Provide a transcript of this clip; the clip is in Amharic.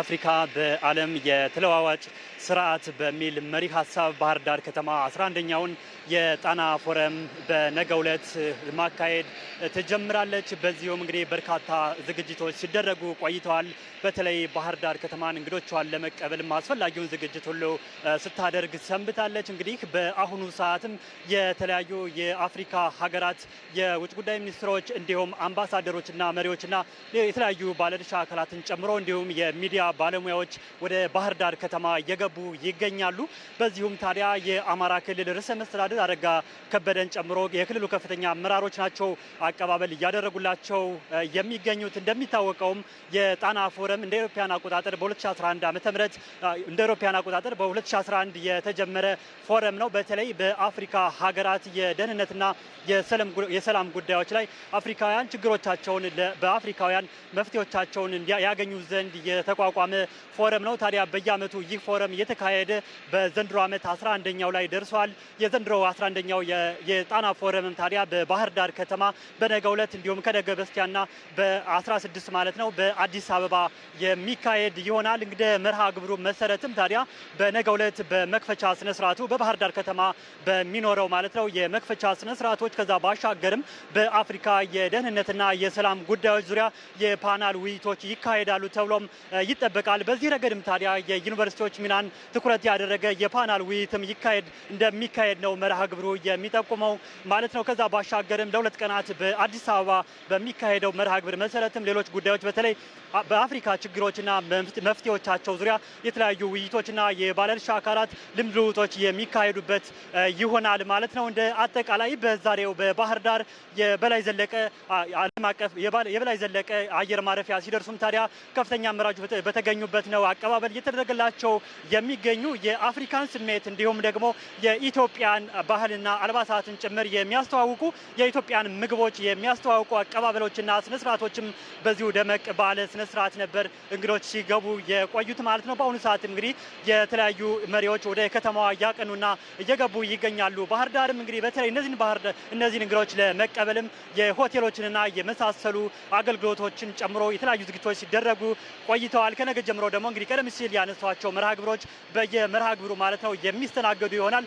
አፍሪካ በዓለም የተለዋዋጭ ስርዓት በሚል መሪ ሀሳብ ባህር ዳር ከተማ 11ኛውን የጣና ፎረም በነገ ዕለት ማካሄድ ትጀምራለች። በዚሁም እንግዲህ በርካታ ዝግጅቶች ሲደረጉ ቆይተዋል። በተለይ ባህር ዳር ከተማን እንግዶቿን ለመቀበል አስፈላጊውን ዝግጅት ሁሉ ስታደርግ ሰንብታለች። እንግዲህ በአሁኑ ሰዓትም የተለያዩ የአፍሪካ ሀገራት የውጭ ጉዳይ ሚኒስትሮች እንዲሁም አምባሳደሮችና መሪዎችና የተለያዩ ባለድርሻ አካላትን ጨምሮ እንዲሁም የሚዲያ ባለሙያዎች ወደ ባህር ዳር ከተማ እየገቡ ይገኛሉ። በዚሁም ታዲያ የአማራ ክልል ርዕሰ መስተዳድር አረጋ ከበደን ጨምሮ የክልሉ ከፍተኛ አመራሮች ናቸው አቀባበል እያደረጉላቸው የሚገኙት። እንደሚታወቀውም የጣና ፎረም እንደ ኢትዮጵያን አቆጣጠር በ2011 ዓ ም እንደ ኢትዮጵያን አቆጣጠር በ2011 የተጀመረ ፎረም ነው። በተለይ በአፍሪካ ሀገራት የደህንነትና የሰላም ጉዳዮች ላይ አፍሪካውያን ችግሮቻቸውን በአፍሪካውያን መፍትሄዎቻቸውን ያገኙ ዘንድ የተቋ የተቋቋመ ፎረም ነው። ታዲያ በየአመቱ ይህ ፎረም እየተካሄደ በዘንድሮ ዓመት 11ኛው ላይ ደርሷል። የዘንድሮ 11ኛው የጣና ፎረምም ታዲያ በባህር ዳር ከተማ በነገ ዕለት እንዲሁም ከነገ በስቲያና በ16 ማለት ነው በአዲስ አበባ የሚካሄድ ይሆናል። እንግዲህ መርሃ ግብሩ መሰረትም ታዲያ በነገ ዕለት በመክፈቻ ስነስርዓቱ በባህር ዳር ከተማ በሚኖረው ማለት ነው የመክፈቻ ስነስርዓቶች ከዛ ባሻገርም በአፍሪካ የደህንነትና የሰላም ጉዳዮች ዙሪያ የፓናል ውይይቶች ይካሄዳሉ ተብሎም ይጠበቃል። በዚህ ረገድም ታዲያ የዩኒቨርሲቲዎች ሚናን ትኩረት ያደረገ የፓናል ውይይትም ይካሄድ እንደሚካሄድ ነው መርሃ ግብሩ የሚጠቁመው ማለት ነው። ከዛ ባሻገርም ለሁለት ቀናት በአዲስ አበባ በሚካሄደው መርሃ ግብር መሰረትም ሌሎች ጉዳዮች በተለይ በአፍሪካ ችግሮችና መፍትሄዎቻቸው ዙሪያ የተለያዩ ውይይቶችና የባለድርሻ አካላት ልምድ ልውጦች የሚካሄዱበት ይሆናል ማለት ነው። እንደ አጠቃላይ በዛሬው በባህር ዳር የበላይ ዘለቀ ዓለም አቀፍ የበላይ ዘለቀ አየር ማረፊያ ሲደርሱም ታዲያ ከፍተኛ አመራሮች በተገኙበት ነው አቀባበል እየተደረገላቸው የሚገኙ የአፍሪካን ስሜት እንዲሁም ደግሞ የኢትዮጵያን ባህልና አልባሳትን ጭምር የሚያስተዋውቁ የኢትዮጵያን ምግቦች የሚያስተዋውቁ አቀባበሎችና ስነስርዓቶችም በዚሁ ደመቅ ባለ ስነስርዓት ነበር እንግዶች ሲገቡ የቆዩት ማለት ነው። በአሁኑ ሰዓት እንግዲህ የተለያዩ መሪዎች ወደ ከተማዋ እያቀኑና እየገቡ ይገኛሉ። ባህር ዳርም እንግዲህ በተለይ እነዚህን ባህር እነዚህን እንግዶች ለመቀበልም የሆቴሎችንና የመሳሰሉ አገልግሎቶችን ጨምሮ የተለያዩ ዝግጅቶች ሲደረጉ ቆይተዋል። ይሆናል። ከነገ ጀምሮ ደግሞ እንግዲህ ቀደም ሲል ያነሷቸው መርሃ ግብሮች በየመርሃ ግብሩ ማለት ነው የሚስተናገዱ ይሆናል።